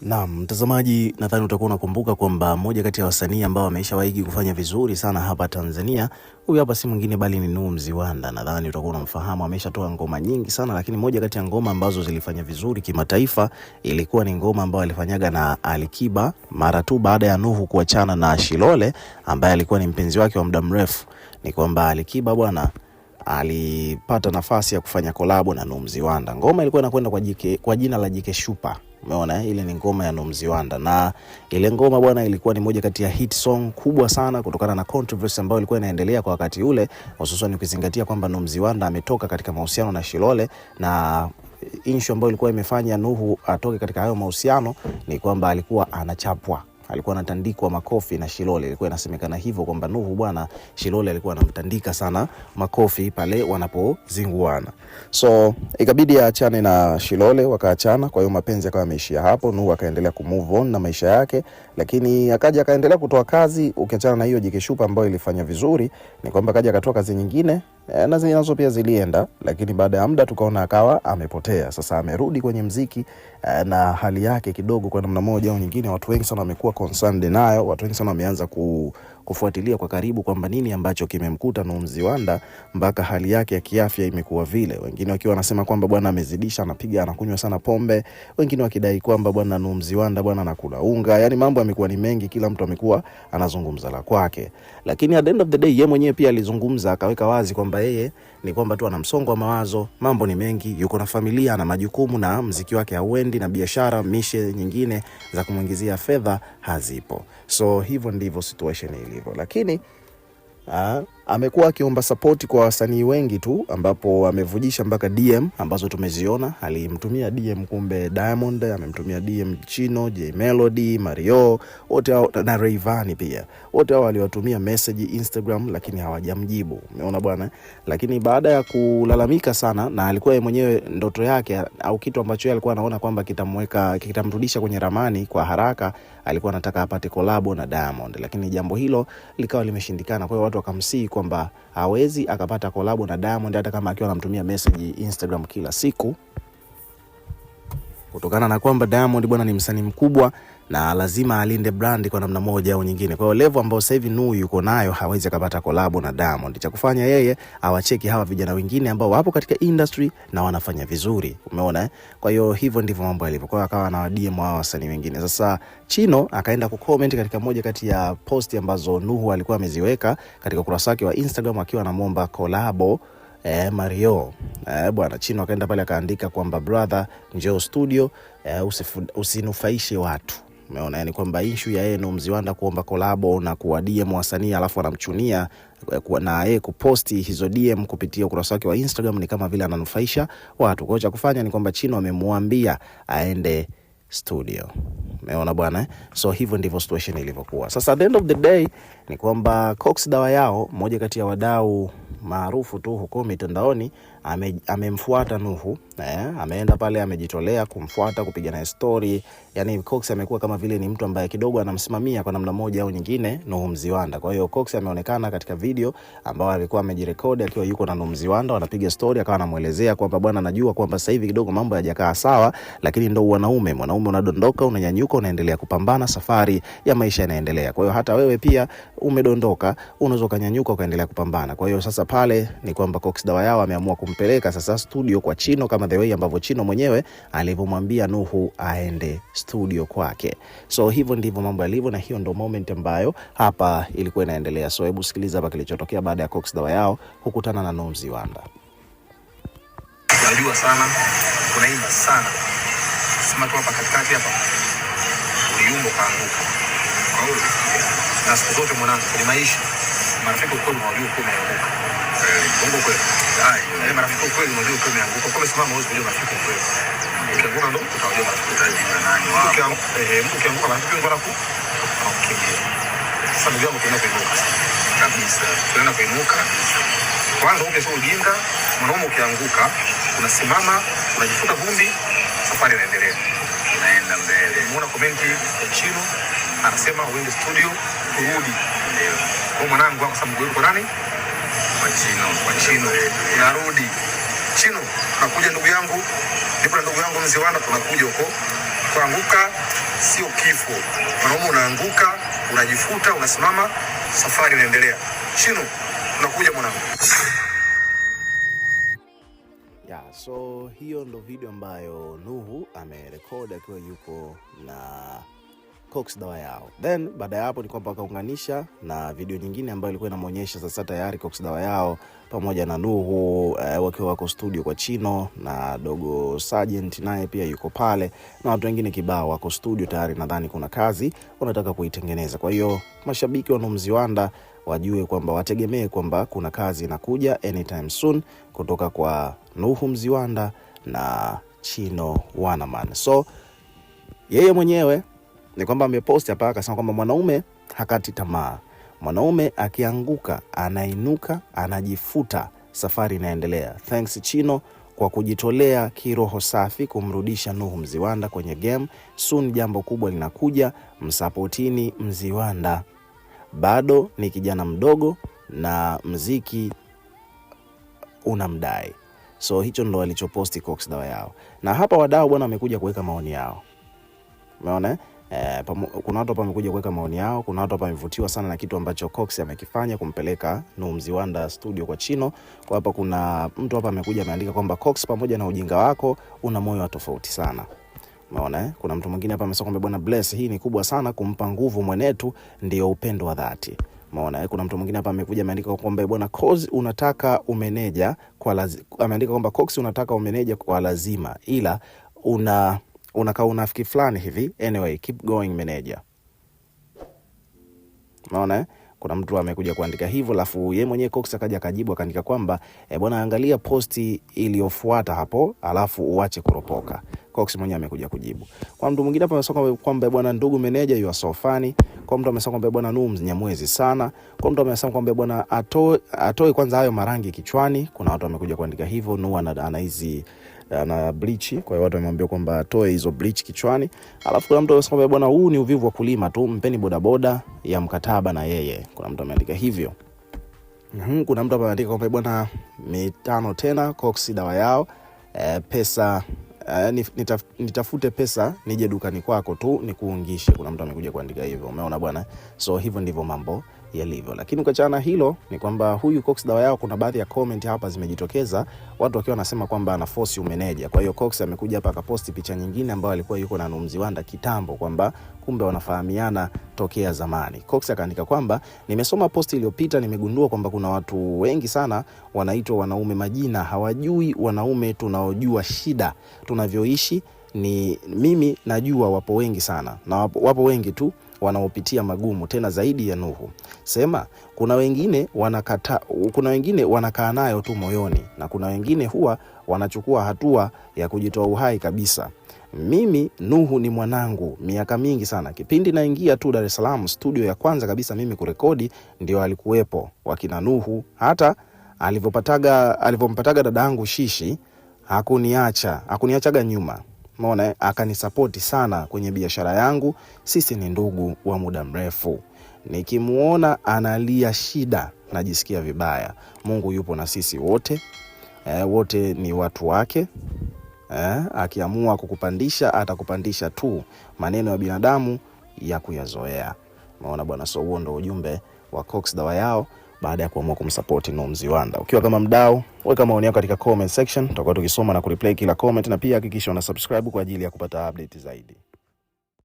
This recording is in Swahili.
Naam, mtazamaji, nadhani utakuwa unakumbuka kwamba mmoja kati ya wasanii ambao wameshawahi kufanya vizuri sana hapa Tanzania, huyu hapa si mwingine bali ni Nuh Mziwanda. Nadhani utakuwa unamfahamu, ameshatoa ngoma nyingi sana, lakini moja kati ya ngoma ambazo zilifanya vizuri kimataifa ilikuwa ni ngoma ambayo alifanyaga na Alikiba mara tu baada ya Nuhu kuachana na Shilole ambaye alikuwa ni mpenzi wake wa muda mrefu. Ni kwamba Alikiba bwana alipata nafasi ya kufanya kolabo na Nuh Mziwanda. Ngoma ilikuwa inakwenda kwa, jike, kwa jina la Jike Shupa. Umeona, ile ni ngoma ya Nomziwanda na ile ngoma bwana, ilikuwa ni moja kati ya hit song kubwa sana kutokana na controversy ambayo ilikuwa inaendelea kwa wakati ule, hususan ukizingatia kwamba Nomziwanda ametoka katika mahusiano na Shilole na inshu ambayo ilikuwa imefanya Nuhu atoke katika hayo mahusiano ni kwamba alikuwa anachapwa alikuwa anatandikwa makofi na Shilole. Ilikuwa inasemekana hivyo kwamba Nuhu bwana, Shilole alikuwa anamtandika sana makofi pale wanapozinguana, so ikabidi aachane na Shilole, wakaachana. Kwa hiyo mapenzi yakawa yameishia hapo. Nuhu akaendelea kumove on na maisha yake, lakini akaja akaendelea kutoa kazi. Ukiachana na hiyo Jikeshupa ambayo ilifanya vizuri, ni kwamba akaja akatoa kazi nyingine Eh, na zile nazo pia zilienda, lakini baada ya muda tukaona akawa amepotea. Sasa amerudi kwenye mziki eh, na hali yake kidogo, kwa namna moja au nyingine, watu wengi sana wamekuwa concerned nayo, watu wengi sana wameanza ku kufuatilia kwa karibu kwamba nini ambacho kimemkuta Nuhu Mziwanda mpaka hali yake ya kiafya imekuwa vile, wengine wakiwa wanasema kwamba bwana amezidisha, anapiga, anakunywa sana pombe, wengine wakidai kwamba bwana Nuhu Mziwanda bwana anakula unga. Yani mambo yamekuwa ni mengi, kila mtu amekuwa anazungumza la kwake, lakini at the end of the day yeye mwenyewe pia alizungumza akaweka wazi kwamba yeye ni kwamba tu ana msongo wa mawazo, mambo ni mengi, yuko na familia, na majukumu na mziki wake hauendi, na biashara mishe nyingine za kumwingizia fedha hazipo. So hivyo ndivyo situation ili hivyo, lakini aa, ah, amekuwa akiomba sapoti kwa wasanii wengi tu, ambapo amevujisha mpaka DM ambazo tumeziona. Alimtumia DM kumbe Diamond, amemtumia DM Chino, J Melody, Mario wote hao na Rayvanny pia, wote hao aliwatumia message Instagram, lakini hawajamjibu. Umeona bwana, lakini baada ya kulalamika sana, na alikuwa yeye mwenyewe ndoto yake au kitu ambacho yeye alikuwa anaona kwamba kitamweka kitamrudisha kwenye ramani kwa haraka, alikuwa anataka apate kolabo na Diamond, lakini jambo hilo likawa limeshindikana, kwa hiyo watu wakamsii kwamba hawezi akapata kolabo na Diamond hata kama akiwa anamtumia message Instagram kila siku, kutokana na kwamba Diamond bwana ni msanii mkubwa na lazima alinde brandi kwa namna moja au nyingine. Kwa hiyo level ambayo sasa hivi Nuhu yuko nayo hawezi akapata kolabo na Diamond. Cha kufanya yeye awacheki hawa vijana wengine ambao wapo katika industry na wanafanya vizuri, umeona eh? Kwa hiyo hivyo ndivyo mambo yalivyo. Kwa hiyo akawa na DM hawa wasanii wengine. Sasa Chino akaenda kucomment katika moja kati ya post ambazo Nuhu alikuwa ameziweka katika ukurasa wake wa Instagram akiwa anamwomba kolabo Eh, Mario eh, bwana Chino akaenda pale akaandika kwamba brother, njoo studio eh, usifu, usinufaishe watu Umeona yani kwamba ishu ya yeye Mziwanda kuomba kolabo na kuwa DM wasanii alafu anamchunia eh, na yeye kuposti hizo DM kupitia ukurasa wake wa Instagram ni kama vile ananufaisha watu. Kwa hiyo cha kufanya ni kwamba Chino amemwambia aende studio. Umeona bwana eh? So hivyo ndivyo situation ilivyokuwa. Sasa at the end of the day ni kwamba Cox dawa yao, moja kati ya wadau maarufu tu huko mitandaoni amemfuata ame Nuhu eh, ameenda pale amejitolea kumfuata kupiga naye story. Yani Cox amekuwa kama vile ni mtu ambaye kidogo anamsimamia kwa namna moja au nyingine Nuhu Mziwanda. Kwa hiyo Cox ameonekana katika video ambayo alikuwa amejirekodi akiwa yuko na Nuhu Mziwanda, wanapiga story, akawa anamwelezea kwamba bwana, najua kwamba sasa hivi kidogo mambo hayajakaa sawa, lakini ndo wanaume, mwanaume unadondoka, unanyanyuka, unaendelea kupambana, safari ya maisha inaendelea. Kwa hiyo hata wewe pia umedondoka, unaweza ukanyanyuka ukaendelea kupambana. Kwa hiyo sasa pale ni kwamba Cox Dawa Yao ameamua kum kumpeleka sasa studio kwa Chino kama the way ambavyo Chino mwenyewe alivyomwambia Nuhu aende studio kwake. So hivyo ndivyo mambo yalivyo, na hiyo ndo moment ambayo hapa ilikuwa inaendelea. So hebu sikiliza hapa kilichotokea baada ya Cox dawa yao hukutana na Nuhu Mziwanda. Unajua sana kuna unaimba sana sema tu hapa katikati hapa uliumba kaanguka, kwa hiyo na siku zote mwanangu kwenye maisha marafiki ukweli hawajui ukiwa umeanguka. Eh, Mungu kweli. Hai, ni eh, marafiki ukweli hawajui ukiwa umeanguka. Kwa sababu huwezi kujua marafiki ukweli. Ukianguka ndo utajua marafiki utajua ni nani wao. Ukianguka eh, ukianguka marafiki wako wanaku kukimbia. Sasa ndio hapo kuna kuinuka kabisa. Tunaenda kuinuka kabisa. Kwanza uke sio ujinga, mwanaume ukianguka unasimama, unajifuta vumbi, safari inaendelea. Inaenda mbele. Muona komenti ya Chino anasema uende studio kurudi. Ndio. Kwa mwanangu hapa sababu yuko nani? Kwa Chino, kwa Chino. Narudi. Chino, nakuja ndugu yangu. Nipo na ndugu yangu mzee Wanda tunakuja huko. Kuanguka sio kifo. Mwanaume unaanguka, unajifuta, unasimama, safari inaendelea. Chino, nakuja mwanangu. Yeah, so hiyo ndo video ambayo Nuhu amerekodi akiwa yuko na Cox dawa yao. Then baada ya hapo ni kwamba wakaunganisha na video nyingine ambayo ilikuwa inamwonyesha sasa tayari Cox dawa yao pamoja na Nuhu eh, wakiwa wako studio kwa Chino na dogo Sergeant naye pia yuko pale na watu wengine kibao wako studio tayari, nadhani kuna kazi wanataka kuitengeneza. Kwa hiyo mashabiki wa Mziwanda wajue kwamba wategemee kwamba kuna kazi inakuja anytime soon kutoka kwa Nuhu Mziwanda na Chino Wanaman. So yeye mwenyewe ni kwamba ameposti hapa akasema kwamba mwanaume hakati tamaa, mwanaume akianguka anainuka, anajifuta, safari inaendelea. Thanks Chino kwa kujitolea kiroho safi kumrudisha Nuhu Mziwanda kwenye game. Soon jambo kubwa linakuja, msapotini Mziwanda, bado ni kijana mdogo na mziki unamdai. So hicho ndo alichoposti Cox Dawa Yao, na hapa wadau bwana wamekuja kuweka maoni yao, umeona. Eh? E, kuna watu hapa wamekuja kuweka maoni yao. Kuna watu hapa wamevutiwa sana na kitu ambacho Cox amekifanya kumpeleka Wanda studio kwa Chino. Kwa hapa kuna mtu hapa amekuja ameandika kwamba Cox, pamoja na ujinga wako una moyo wa tofauti sana. Umeona eh? Kuna mtu mwingine hapa amesema kwamba bwana Bless, hii ni kubwa sana, kumpa nguvu mwenetu ndio upendo wa dhati. Umeona eh? Kuna mtu mwingine hapa amekuja ameandika kwamba bwana Cox unataka umeneja kwa lazima, ameandika kwamba Cox unataka umeneja kwa lazima ila una unakaa unafiki fulani hivi. Anyway, keep going manager. Unaona, eh? kuna mtu amekuja kuandika hivyo, alafu ye mwenyewe Cox akaja akajibu akaandika kwamba e, bwana angalia posti iliyofuata hapo, alafu uache kuropoka. Cox mwenyewe amekuja kujibu. Kwa mtu mwingine hapo amesema kwamba bwana, ndugu meneja, you are so funny. Kwa mtu amesema kwamba bwana, Nums nyamwezi sana. Kwa mtu amesema kwamba bwana, atoe atoe kwanza hayo marangi kichwani. Kuna watu wamekuja kuandika hivyo, nu ana hizi Eh, ana bleach. Kwa hiyo watu wamemwambia kwamba atoe hizo bleach kichwani, alafu kuna mtu anasema bwana, huu ni uvivu wa kulima tu, mpeni bodaboda ya mkataba na yeye. Kuna mtu ameandika hivyo. Hmm, kuna mtu ameandika kwamba bwana, mitano tena Cox dawa yao e, pesa e, eh, nitaf, nitafute pesa nije dukani kwako tu nikuungishe. Kuna mtu amekuja kuandika hivyo, umeona bwana. So hivyo ndivyo mambo yalivyo. Lakini ukiachana na hilo, ni kwamba huyu Cox dawa yao, kuna baadhi ya comment hapa zimejitokeza, watu wakiwa wanasema kwamba ana force umeneja. Kwa hiyo Cox amekuja hapa akaposti picha nyingine ambayo alikuwa yuko na Numzi Wanda kitambo, kwamba kumbe wanafahamiana tokea zamani. Cox akaandika kwamba nimesoma posti iliyopita, nimegundua kwamba kuna watu wengi sana wanaitwa wanaume majina, hawajui wanaume tunaojua shida tunavyoishi ni mimi najua wapo wengi sana na wapo, wapo wengi tu wanaopitia magumu tena zaidi ya Nuhu. Sema kuna wengine wanakata, kuna wengine wanakaa nayo tu moyoni na kuna wengine huwa wanachukua hatua ya kujitoa uhai kabisa. Mimi Nuhu ni mwanangu miaka mingi sana. Kipindi naingia tu Dar es Salaam, studio ya kwanza kabisa mimi kurekodi ndio alikuwepo wakina Nuhu. Hata alivyopataga alivyompataga dada yangu Shishi hakuniacha hakuniachaga nyuma. Umeona, akanisapoti sana kwenye biashara yangu. Sisi ni ndugu wa muda mrefu. Nikimuona analia shida, najisikia vibaya. Mungu yupo na sisi wote e, wote ni watu wake e, akiamua kukupandisha atakupandisha tu, maneno ya binadamu ya kuyazoea. Umeona bwana, so huo ndo ujumbe wa Cox Dawa Yao baada ya kuamua kumsupport Nomzi Wanda. Ukiwa kama mdau, weka maoni yako katika comment section, tutakuwa tukisoma na kureplay kila comment, na pia hakikisha una subscribe kwa ajili ya kupata update zaidi.